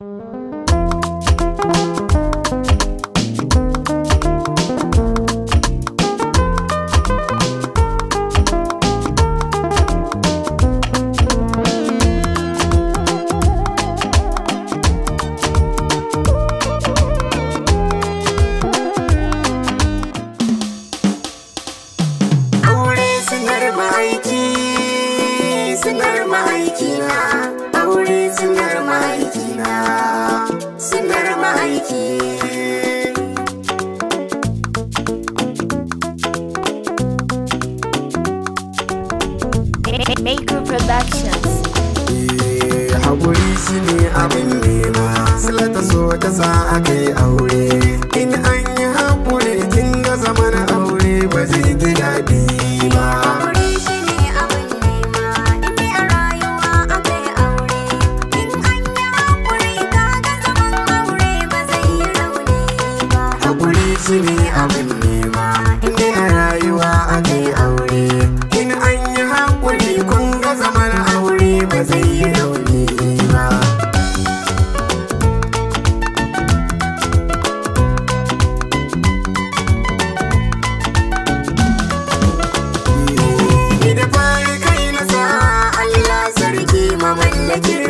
Thank you. Maker Productions. Eh, Haƙuri shi ne abin nema, sila ta so ta sa aka yi aure. Ela me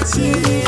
watching.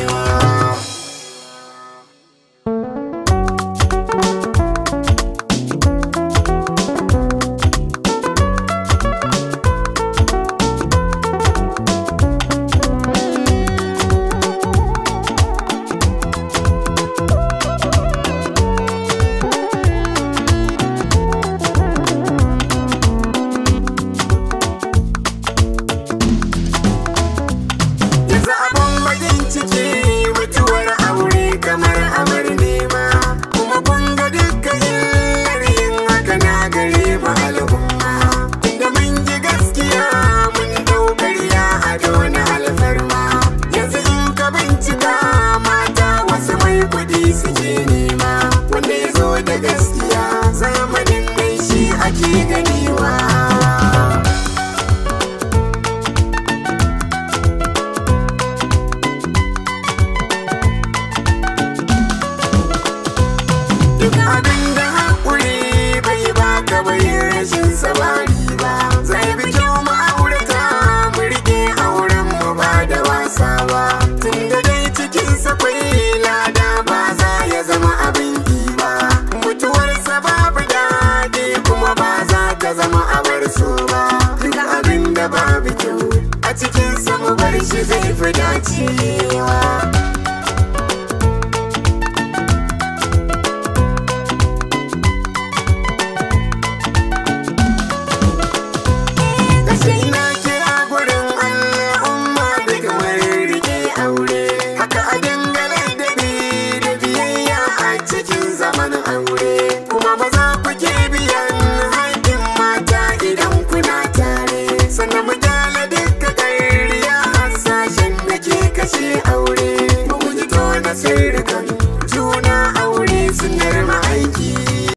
shi zai fi